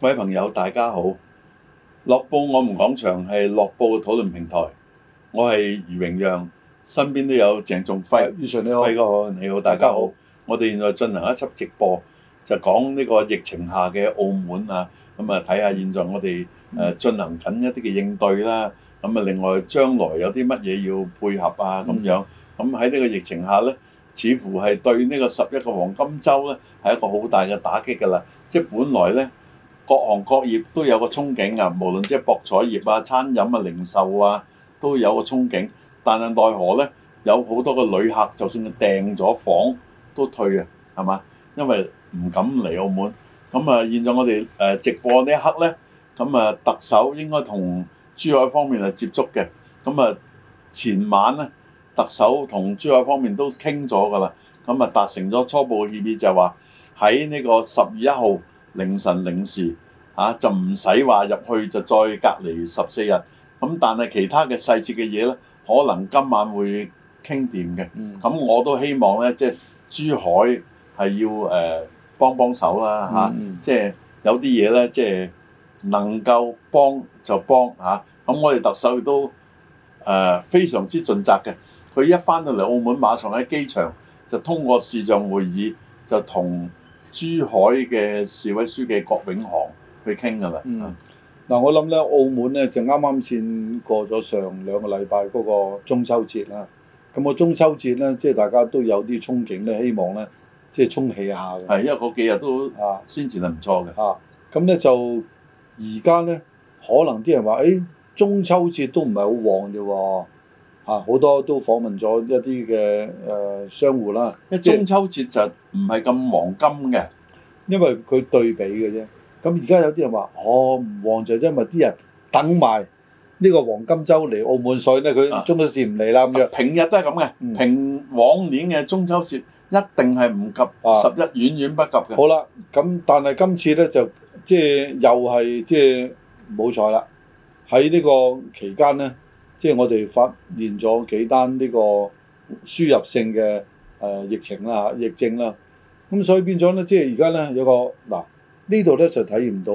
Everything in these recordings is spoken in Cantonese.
各位朋友，大家好！樂報我們講場係樂報嘅討論平台，我係余榮陽，身邊都有鄭仲輝。余常你好，輝哥你好，大家好。我哋現在進行一輯直播，就講呢個疫情下嘅澳門啊，咁啊睇下現在我哋誒進行緊一啲嘅應對啦。咁啊，另外將來有啲乜嘢要配合啊？咁樣咁喺呢個疫情下咧，似乎係對呢個十一個黃金週咧係一個好大嘅打擊㗎啦。即係本來咧。各行各業都有個憧憬啊，無論即係博彩業啊、餐飲啊、零售啊，都有個憧憬。但係奈何呢？有好多個旅客就算訂咗房都退啊，係嘛？因為唔敢嚟澳門。咁啊，現在我哋誒直播呢一刻呢，咁啊，特首應該同珠海方面係接觸嘅。咁啊，前晚呢，特首同珠海方面都傾咗㗎啦。咁啊，達成咗初步嘅協議就話喺呢個十月一號。凌晨零時，嚇就唔使話入去就再隔離十四日。咁但係其他嘅細節嘅嘢咧，可能今晚會傾掂嘅。咁、嗯、我都希望咧，即、就、係、是、珠海係要誒、呃、幫幫手啦，嚇、啊，即係、嗯、有啲嘢咧，即、就、係、是、能夠幫就幫嚇。咁、啊、我哋特首亦都誒、呃、非常之盡責嘅。佢一返到嚟澳門，馬上喺機場就通過視像會議就同珠海嘅市委書記郭永航去傾㗎啦。嗯，嗱、啊、我諗咧，澳門咧就啱啱先過咗上兩個禮拜嗰個中秋節啦。咁、嗰個中秋節咧，即係大家都有啲憧憬咧，希望咧即係沖起下。係，因為嗰幾日都啊，先前係唔錯嘅。啊，咁咧就而家咧，可能啲人話，誒、哎、中秋節都唔係好旺啫喎。啊，好多都訪問咗一啲嘅誒商戶啦。即中秋節就唔係咁黃金嘅，因為佢對比嘅啫。咁而家有啲人話，我唔旺就，因為啲人等埋呢個黃金週嚟澳門所以咧，佢中秋節唔嚟啦咁樣。平日都係咁嘅，平往年嘅中秋節一定係唔及十一，遠遠不及嘅。好啦，咁但係今次咧就即係又係即係冇彩啦。喺呢個期間咧。即係我哋發現咗幾單呢個輸入性嘅、呃、疫情啦、疫症啦，咁、啊、所以變咗咧，即係而家咧有個嗱，呢度咧就體驗到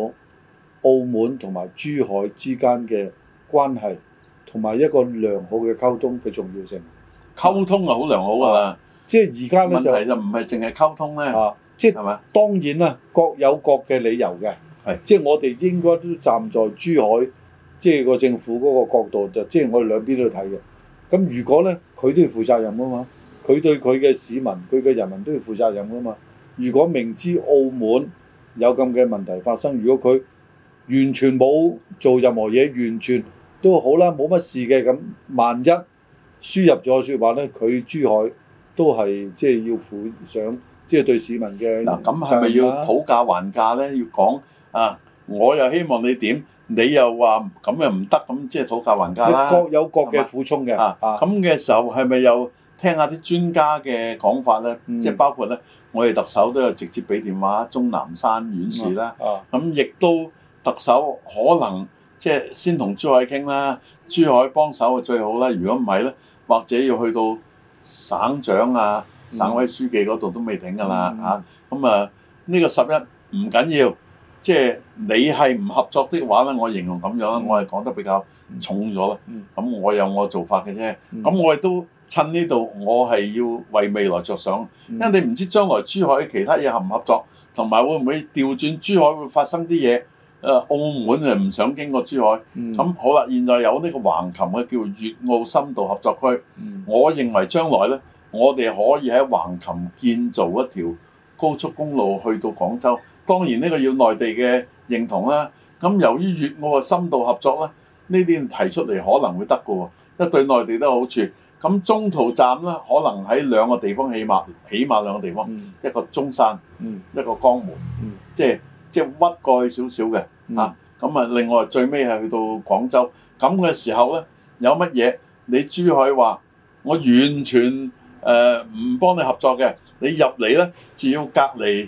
澳門同埋珠海之間嘅關係同埋一個良好嘅溝通嘅重要性。溝通啊，好良好㗎啦！即係而家咧問題就唔係淨係溝通咧，啊、吧即係係嘛？當然啦，各有各嘅理由嘅。的即係我哋應該都站在珠海。即係個政府嗰個角度就，即係我哋兩邊都睇嘅。咁如果咧，佢都要負責任啊嘛，佢對佢嘅市民、佢嘅人民都要負責任啊嘛。如果明知澳門有咁嘅問題發生，如果佢完全冇做任何嘢，完全都好啦，冇乜事嘅咁，萬一輸入咗説話咧，佢珠海都係即係要負上，即係對市民嘅。嗱，啊，咁係咪要討價還價咧？要講啊，我又希望你點？你又話咁又唔得咁，即係討價還價啦。各有各嘅苦衷嘅。啊，咁嘅時候係咪有聽下啲專家嘅講法咧？即係包括咧，我哋特首都有直接俾電話中山縣市鍾南山院士啦。啊，咁亦都特首可能即係先同珠海傾啦，珠海幫手啊最好啦。如果唔係咧，或者要去到省長啊、省委書記嗰度都未定㗎啦嚇。咁啊，呢個十一唔緊要。即係你係唔合作的話咧，我形容咁樣，嗯、我係講得比較重咗啦。咁、嗯、我有我的做法嘅啫。咁、嗯、我亦都趁呢度，我係要為未來着想，嗯、因為你唔知將來珠海其他嘢合唔合作，同埋會唔會調轉珠海會發生啲嘢。澳門就唔想經過珠海。咁、嗯、好啦，現在有呢個橫琴嘅叫粵澳深度合作區。嗯、我認為將來呢，我哋可以喺橫琴建造一條高速公路去到廣州。當然呢個要內地嘅認同啦、啊。咁由於粵澳嘅深度合作咧，呢啲提出嚟可能會得嘅喎，因為對內地都有好處。咁中途站咧，可能喺兩個地方，起碼起碼兩個地方，一個中山，嗯、一個江門、嗯，即係即係屈過去少少嘅啊。咁啊，另外最尾係去到廣州。咁嘅時候咧，有乜嘢？你珠海話我完全誒唔幫你合作嘅，你入嚟咧就要隔離。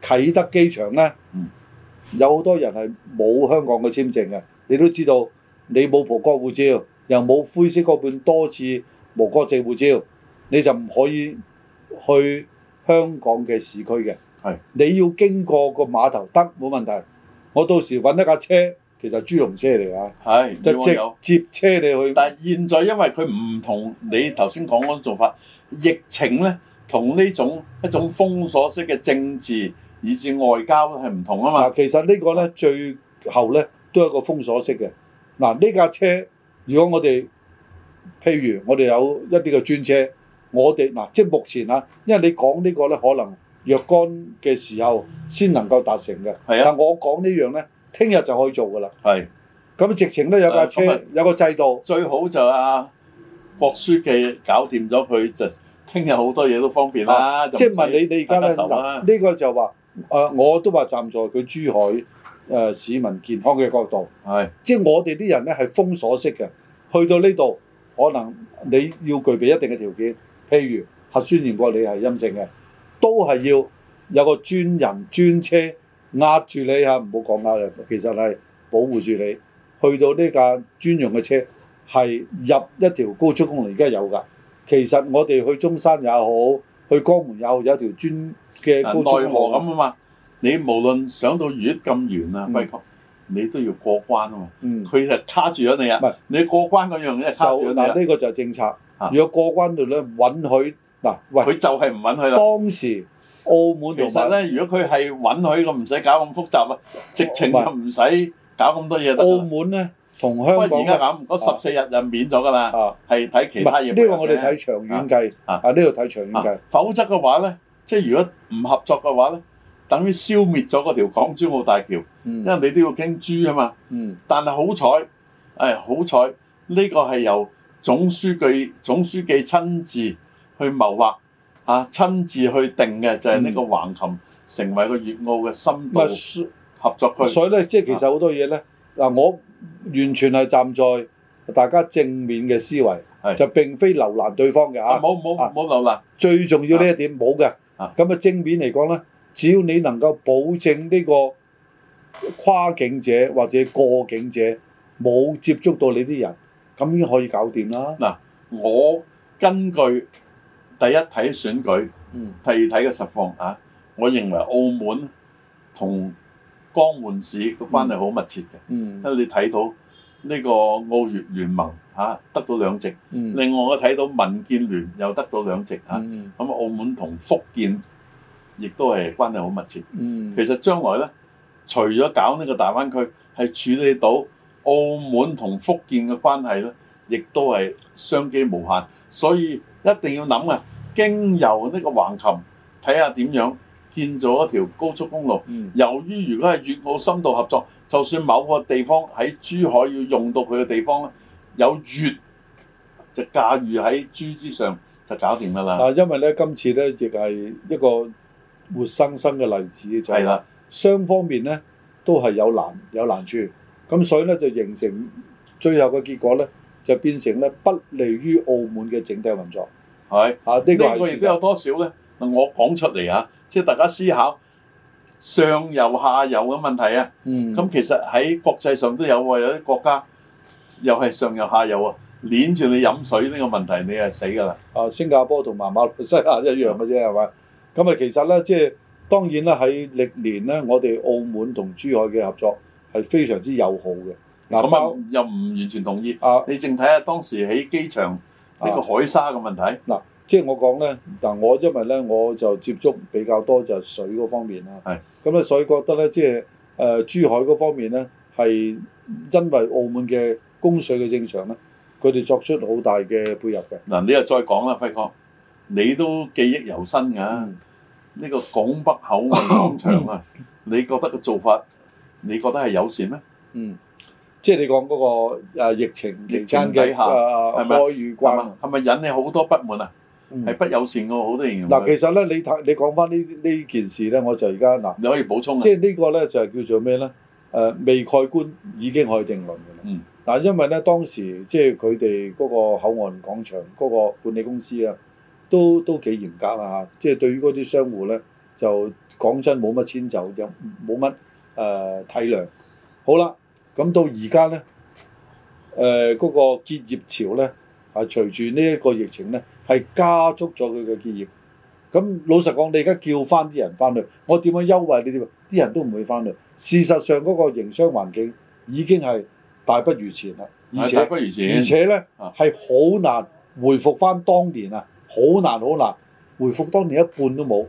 啟德機場呢，嗯、有好多人係冇香港嘅簽證嘅。你都知道，你冇葡國護照，又冇灰色嗰本多次無國籍護照，你就唔可以去香港嘅市區嘅。係是，你要經過個碼頭得，冇問題。我到時揾一架車，其實豬籠車嚟啊，係是，就直接車你去。但係現在因為佢唔同你頭先講嗰種做法，疫情呢，同呢種一種封鎖式嘅政治。以至外交係唔同啊嘛。其實呢個呢個咧最後咧都有一個封鎖式嘅。嗱、啊，呢架車如果我哋譬如我哋有一啲嘅專車，我哋嗱、啊、即係目前啊，因為你講呢個咧可能若干嘅時候先能夠達成嘅。係啊。但我講呢樣咧，聽日就可以做㗎啦。係是。咁直情咧有架車、啊、有個制度。最好就阿郭、啊、書記搞掂咗佢就聽日好多嘢都方便啦。即係、啊、不問你，你而家咧呢、啊、個就話？呃、我都話站在佢珠海、呃、市民健康嘅角度，是即我哋啲人咧係封鎖式嘅，去到呢度可能你要具備一定嘅條件，譬如核酸驗過你係陰性嘅，都係要有個專人專車壓住你嚇，唔好講壓力，其實係保護住你。去到呢架專用嘅車係入一條高速公路，而家有㗎。其實我哋去中山也好，去江門也好，有一條專，有條專嘅奈何咁啊嘛，你無論上到月咁遠啊，咪你都要過關啊嘛，佢就卡住咗你啊！唔係你過關嗰樣嘢就嗱呢個就係政策。如果過關度咧允許嗱，喂佢就係唔允許啦。當時澳門其實咧，如果佢係允許，咁唔使搞咁複雜啊，直情就唔使搞咁多嘢得啦。澳門咧同香港，而家噉嗰十四日就免咗噶啦，係睇其他嘢。呢個我哋睇長遠計啊，呢度睇長遠計，否則嘅話咧。即係如果唔合作嘅話咧，等於消滅咗嗰條港珠澳大橋，嗯、因為你都要經珠啊嘛。嗯、但係好彩，誒好彩，呢個係由總書記總書記親自去謀劃啊，親自去定嘅就係、是、呢個橫琴成為一個粵澳嘅深度合作區。嗯、所以咧，即係其實好多嘢咧嗱，啊、我完全係站在大家正面嘅思維，是就並非留難對方嘅嚇、啊。冇冇冇留難、啊。最重要呢一點冇嘅。啊沒有的。咁啊正面嚟講咧，只要你能夠保證呢個跨境者或者過境者冇接觸到你啲人，咁已經可以搞掂啦。嗱、啊，我根據第一睇選舉，第二睇嘅實況啊，我認為澳門同江門市嘅關係好密切嘅，嗯、因為你睇到。呢個澳粵聯盟嚇得到兩席，另外我睇到民建聯又得到兩席嚇。咁、啊、澳門同福建亦都係關係好密切。其實將來咧，除咗搞呢個大灣區，係處理到澳門同福建嘅關係咧，亦都係商機無限，所以一定要諗啊！經由呢個橫琴，睇下點樣。建造一條高速公路，由於如果係粵澳深度合作，就算某個地方喺珠海要用到佢嘅地方咧，有粵就駕馭喺珠之上就搞掂噶啦。啊，因為咧今次咧亦係一個活生生嘅例子，就係啦、的雙方面咧都係有難有難處，咁所以咧就形成最後嘅結果咧就變成咧不利於澳門嘅整體運作。係啊的，呢個例子有多少咧？嗱，我講出嚟嚇、啊。即係大家思考上游下游嘅問題啊，咁其實喺國際上都有喎，有啲國家又係上游下游啊，捏住你飲水呢個問題，你係死㗎啦！啊，新加坡同埋馬來西亞一樣嘅啫，係咪？咁啊，其實咧，即係當然啦，喺歷年咧，我哋澳門同珠海嘅合作係非常之友好嘅。嗱，咁啊，又唔完全同意。啊，你淨睇下當時喺機場呢個海沙嘅問題。嗱。即係我講咧，但我因為咧我就接觸比較多就係水嗰方面啦，咁咧是所以覺得咧，即係誒、呃、珠海嗰方面咧，係因為澳門嘅供水嘅正常咧，佢哋作出好大嘅配合嘅。嗱，你又再講啦，輝哥，你都記憶猶新㗎，呢、嗯、個拱北口岸廣場啊， 嗯、你覺得個做法，你覺得係友善咩？嗯，即係你講嗰、那個、啊、疫情期的疫情嘅開與關，係咪引起好多不滿啊？係不友善個、嗯，好多形容。嗱，其實咧，你睇你講翻呢呢件事咧，我就而家嗱，你可以補充、啊。即係呢個咧就係叫做咩咧？誒、呃，未蓋棺已經可以定論㗎啦。嗱、嗯，因為咧當時即係佢哋嗰個口岸廣場嗰、嗰個管理公司啊，都都幾嚴格啦、啊、嚇。即係對於嗰啲商戶咧，就講真冇乜遷就，又冇乜誒體諒。好啦，咁到而家咧，誒、呃、嗰、嗰個結業潮咧，係、啊、隨住呢一個疫情咧。係加速咗佢嘅結業。咁老實講，你而家叫翻啲人翻去，我點樣優惠你點樣？啲人都唔會翻去。事實上，嗰個營商環境已經係大不如前啦，而且係大不如前，而且咧係好難回復翻當年啊，好難好難回復當年一半都冇。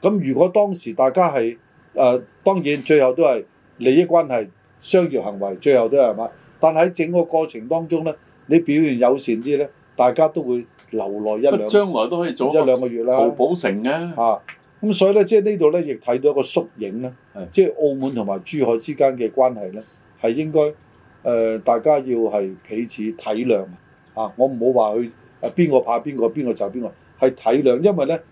咁如果當時大家係誒、呃，當然最後都係利益關係、商業行為，最後都係嘛。但喺整個過程當中咧，你表現友善啲咧。大家都會留耐一兩，將來都可以做一，個一兩個月啦。淘寶城咧，啊，咁、啊、所以咧，即、就、係、是、呢度咧，亦睇到一個縮影啦。即係是澳門同埋珠海之間嘅關係咧，係應該誒、呃，大家要係彼此體諒、嗯、啊！我唔好話去誒邊個怕邊個，邊個就邊個，係體諒，因為咧，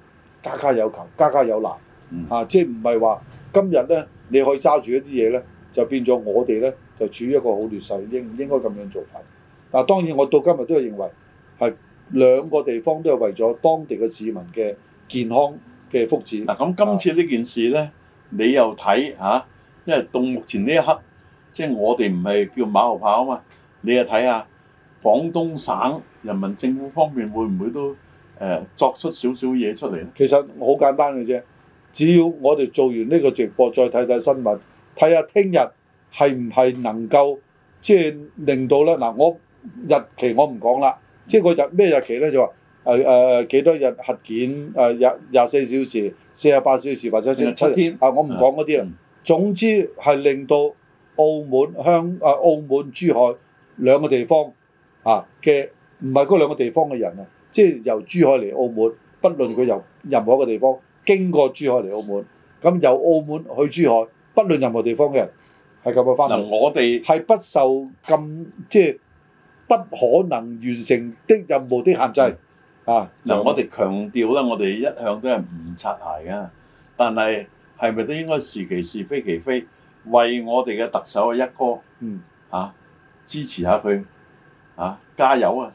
家家有求，家家有難、嗯、啊！即係唔係話今日咧，你可以揸住一啲嘢咧，就變咗我哋咧就處於一個好劣勢，應唔應該咁樣做法？但、啊、係當然，我到今日都係認為。係兩個地方都係為咗當地嘅市民嘅健康嘅福祉。嗱，咁今次呢件事咧，你又睇吓，因為到目前呢一刻，即係我哋唔係叫馬後炮啊嘛，你又睇下廣東省人民政府方面會唔會都誒作出少少嘢出嚟咧？其實好簡單嘅啫，只要我哋做完呢個直播，再睇睇新聞，睇下聽日係唔係能夠即係令到咧？嗱，我日期我唔講啦。即係嗰日咩日期咧？就話誒誒幾多日核檢誒廿廿四小時、四十八小時或者甚至七天啊！我唔講嗰啲啦。總之係令到澳門向誒澳門、珠海兩個地方啊嘅唔係嗰兩個地方嘅人啊，即係由珠海嚟澳門，不論佢由任何一個地方經過珠海嚟澳門，咁由澳門去珠海，不論任何地方嘅人係咁樣翻嚟，我哋係不受咁即係，不可能完成的任務的限制啊！就我哋強調啦，我哋一向都係唔擦鞋㗎，但係係咪都應該是其是非其非，為我哋嘅特首嘅一哥，嗯啊，支持下佢啊，加油啊！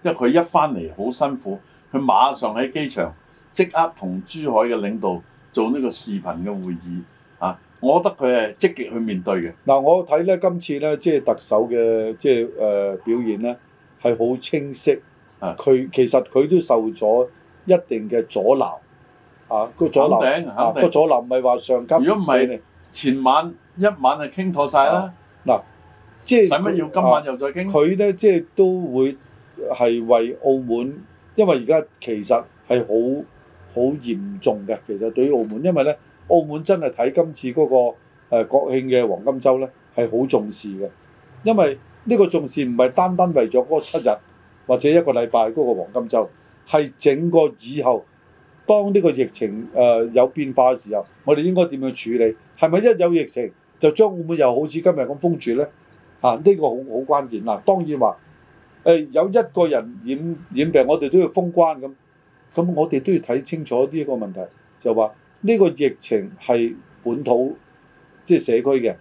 因為佢一返嚟好辛苦，佢馬上喺機場即刻同珠海嘅領導做呢個視頻嘅會議啊！我覺得佢係積極去面對嘅。嗱，我睇咧今次咧，即係特首嘅，即係、呃、誒表現咧，係好清晰。啊，佢其實佢都受咗一定嘅阻撓。啊，個阻撓，個、啊、阻撓唔係話上級。如果唔係，前晚一晚係傾妥晒啦。嗱、啊，即係使乜要今晚又再傾？佢咧即係都會係為澳門，因為而家其實係好好嚴重嘅。其實對於澳門，因為咧。澳門真係睇今次嗰個誒國慶嘅黃金周呢，係好重視嘅，因為呢個重視唔係單單為咗嗰七日或者一個禮拜嗰個黃金周，係整個以後，當呢個疫情誒、呃、有變化嘅時候，我哋應該點樣處理？係咪一有疫情就將澳門又好似今日咁封住呢？嚇、啊，呢、呢個好好關鍵嗱、啊。當然話、欸、有一個人染染病，我哋都要封關咁，咁我哋都要睇清楚呢一個問題，就話。呢個疫情係本土即係、就是、社區嘅，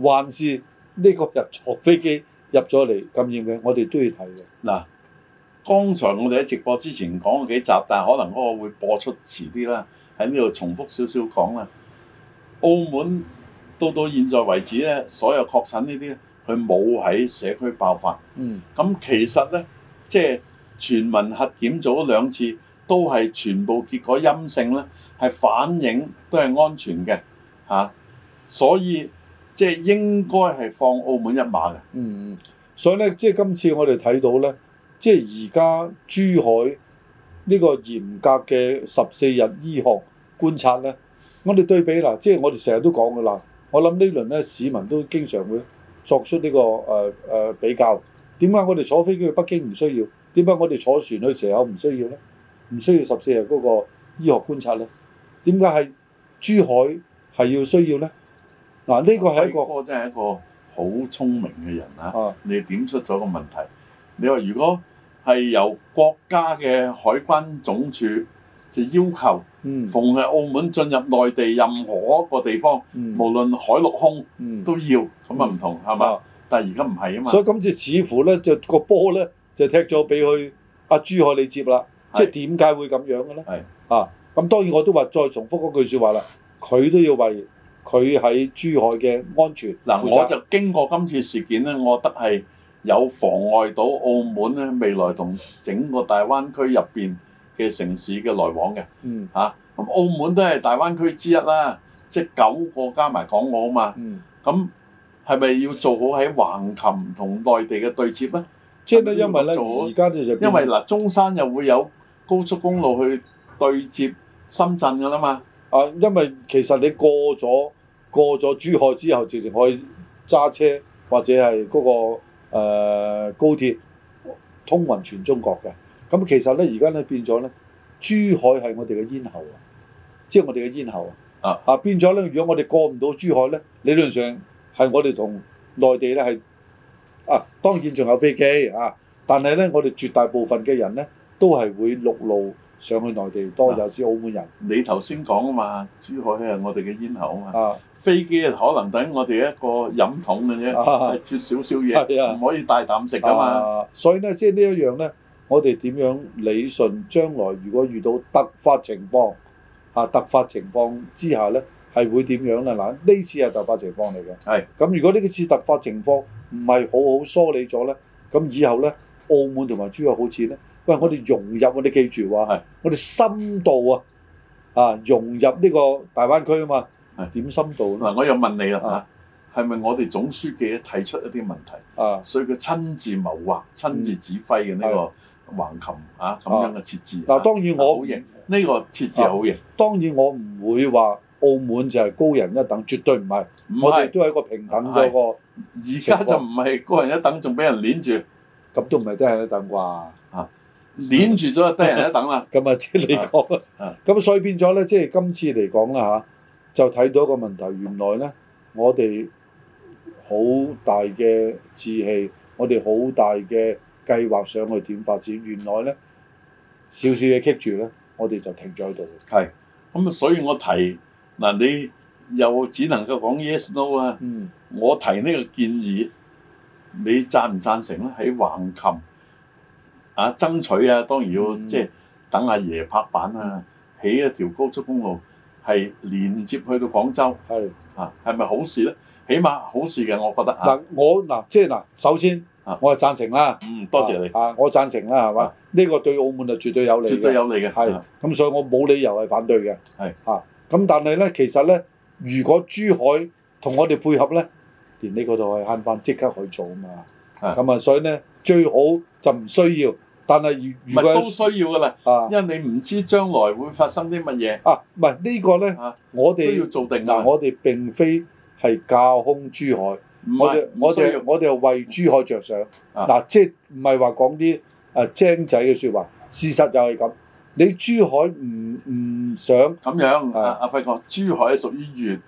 還是呢個日坐飛機入咗嚟感染嘅？我哋都要睇嘅。嗱，剛才我哋喺直播之前講過幾集，但係可能嗰個會播出遲啲啦，喺呢度重複少少講啦。澳門到到現在為止咧，所有確診呢啲，佢冇喺社區爆發。嗯，咁其實咧，即係全民核檢做咗兩次。都係全部結果陰性咧，係反映都係安全嘅嚇、啊，所以即係、就是、應該係放澳門一馬嘅。嗯嗯，所以咧即係今次我哋睇到咧，即係而家珠海呢個嚴格嘅十四日醫學觀察咧，我哋對比嗱，即、就、係、是、我哋成日都講嘅啦。我諗呢輪咧市民都經常會作出呢個誒誒、呃呃、比較。點解我哋坐飛機去北京唔需要？點解我哋坐船去蛇口唔需要咧？唔需要十四日嗰個醫學觀察咧，點解係珠海係要需要咧？嗱、啊，呢個係一個好聰明嘅人啊！啊你點出咗個問題。你話如果係由國家嘅海關總署就要求，逢係澳門進入內地任何一個地方，無論海陸空，都要咁啊唔同係嘛？但係而家唔係啊嘛，所以今次似乎咧就個波咧就踢咗俾佢。阿、啊、珠海你接啦。是即係點解會咁樣嘅咧？是啊，咁當然我都話再重複嗰句説話啦，佢都要為佢喺珠海嘅安全、嗯。我就經過今次事件咧，我覺得係有妨礙到澳門咧未來同整個大灣區入邊嘅城市嘅來往嘅。嚇、嗯，咁、啊、澳門都係大灣區之一啦，即、就、係、是、九個加埋港澳啊嘛。咁係咪要做好喺橫琴同內地嘅對接咧？即係咧，因為咧，而家因為嗱、啊，中山又會有高速公路去對接深圳嘅啦嘛，啊，因為其實你過咗過咗珠海之後，直接可以揸車或者係嗰個，呃，高鐵通運全中國嘅。咁其實咧，而家咧變咗咧，珠海係我哋嘅咽喉啊，即係我哋嘅咽喉啊。啊，變咗咧，如果我哋過唔到珠海咧，理論上係我哋同內地咧係啊，當然仲有飛機啊，但係咧，我哋絕大部分嘅人咧。都係會陸路上去內地，多有啲澳門人。啊、你頭先講啊嘛，珠海係我哋嘅咽喉啊嘛。啊，飛機啊，可能等於我哋一個飲筒嘅啫，食少少嘢，唔、啊、可以大啖食噶嘛、啊。所以咧，即係呢一樣咧，我哋點樣理順？將來如果遇到突發情況，嚇、啊、突發情況之下咧，係會點樣咧？嗱、啊，呢次係突發情況嚟嘅。係是。咁如果呢個次突發情況唔係好好梳理咗咧，咁以後咧，澳門同埋珠海好似咧。喂，我哋融入我哋，記住話係我哋深度啊，啊融入呢個大灣區啊嘛，點深度？嗱，我又問你啦吓，係咪我哋總書記提出一啲問題啊？所以佢親自謀劃、親自指揮嘅呢個橫琴啊咁樣嘅設置。嗱，當然我好型，呢個設置好型。當然我唔會話澳門就係高人一等，絕對唔係。我哋都係一個平等嗰個。而家就唔係高人一等，仲俾人攣住，咁都唔係低人一等啩？攆住咗就、嗯、低人一等啦。咁啊、嗯，即係你講。咁、嗯、所以變咗咧，即係今次嚟講啦吓，就睇到一個問題。原來咧，我哋好大嘅志氣，我哋好大嘅計劃，想去點發展？原來咧，少少嘅棘住咧，我哋就停咗喺度。係。咁所以我提，嗱，你又只能夠講 yes no 啊。嗯。我提呢個建議，你贊唔贊成咧？喺橫琴。啊，爭取啊，當然要即係等阿爺拍板啊，起一條高速公路係連接去到廣州，係啊，係咪好事咧？起碼好事嘅，我覺得。嗱，我嗱即係嗱，首先啊，我係贊成啦。嗯，多謝你。啊，我贊成啦，係嘛？呢個對澳門就絕對有利，絕對有利嘅。係咁，所以我冇理由係反對嘅。係啊，咁但係咧，其實咧，如果珠海同我哋配合咧，連呢個都係慳翻，即刻去做啊嘛。咁啊，所以咧，最好就唔需要。但係如如果都需要噶啦，因為你唔知將來會發生啲乜嘢。啊，唔係呢個咧，我哋都要做定啊。我哋並非係架空珠海，我哋我哋我哋係為珠海着想。嗱，即係唔係話講啲誒精仔嘅説話。事實就係咁。你珠海唔唔想咁樣？阿阿費哥，珠海係屬於粵，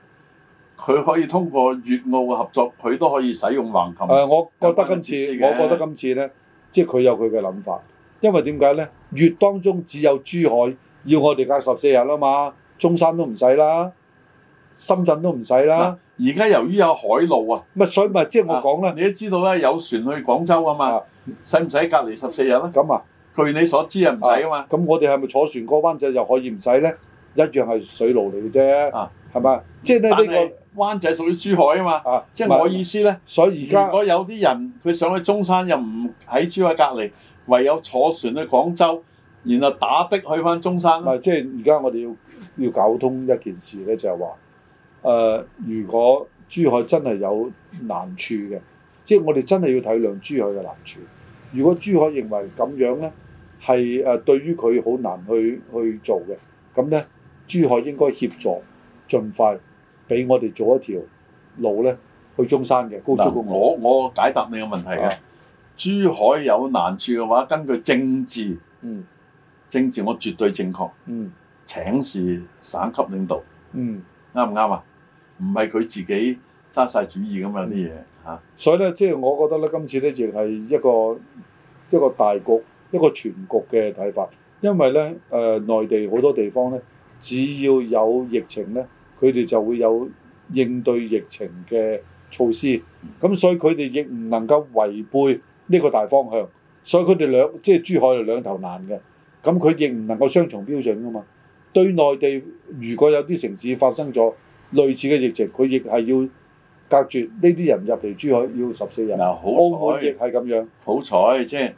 佢可以通過粵澳嘅合作，佢都可以使用橫琴。誒，我覺得今次，我覺得今次咧。即係佢有佢嘅諗法，因為點解咧？月當中只有珠海要我哋隔十四日啊嘛，中山都唔使啦，深圳都唔使啦。而家由於有海路啊，咪所以咪即係我講啦，你都知道啦，有船去廣州啊嘛，使唔使隔離十四日咧？咁啊，據你所知啊，唔使啊嘛。咁我哋係咪坐船過灣仔就可以唔使咧？一樣係水路嚟嘅啫，係咪？即係咧呢個。灣仔屬於珠海啊嘛，啊即係我意思咧。所以而家如果有啲人佢想去中山，又唔喺珠海隔離，唯有坐船去廣州，然後打的去翻中山。唔、啊、即係而家我哋要要搞通一件事咧，就係話誒，如果珠海真係有難處嘅，即係我哋真係要體諒珠海嘅難處。如果珠海認為咁樣咧係誒對於佢好難去去做嘅，咁咧珠海應該協助盡快。俾我哋做一條路咧，去中山嘅高速公路。我我解答你嘅問題啊。珠海有難處嘅話，根據政治，嗯，政治我絕對正確，嗯，請示省級領導，嗯，啱唔啱啊？唔係佢自己揸晒主意咁啊啲嘢嚇。所以咧，即係我覺得咧，今次咧，仲係一個一個大局，一個全局嘅睇法。因為咧，誒、呃，內地好多地方咧，只要有疫情咧。佢哋就會有應對疫情嘅措施，咁所以佢哋亦唔能夠違背呢個大方向，所以佢哋兩即係珠海就兩頭難嘅，咁佢亦唔能夠雙重標準㗎嘛。對內地如果有啲城市發生咗類似嘅疫情，佢亦係要隔絕呢啲人入嚟珠海要十四日。嗱、嗯、好彩、澳門亦係咁樣。好彩，即係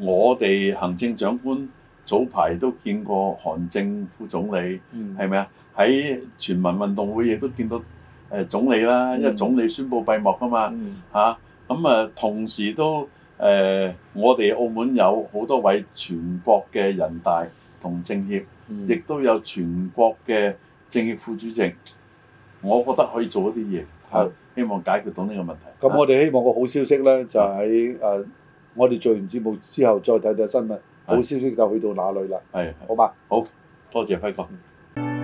我哋行政長官。早排都見過韓正副總理，係咪啊？喺全民運動會亦都見到誒、呃、總理啦，嗯、因為總理宣佈閉幕㗎嘛嚇。咁、嗯、啊、嗯，同時都誒、呃，我哋澳門有好多位全國嘅人大同政協，亦、嗯、都有全國嘅政協副主席，我覺得可以做一啲嘢，係、嗯啊、希望解決到呢個問題。咁、嗯啊、我哋希望個好消息咧，就喺、是、誒、嗯啊、我哋做完節目之後再睇睇新聞。好消息就去到哪裏啦，係是吧，好嘛，好多謝輝哥。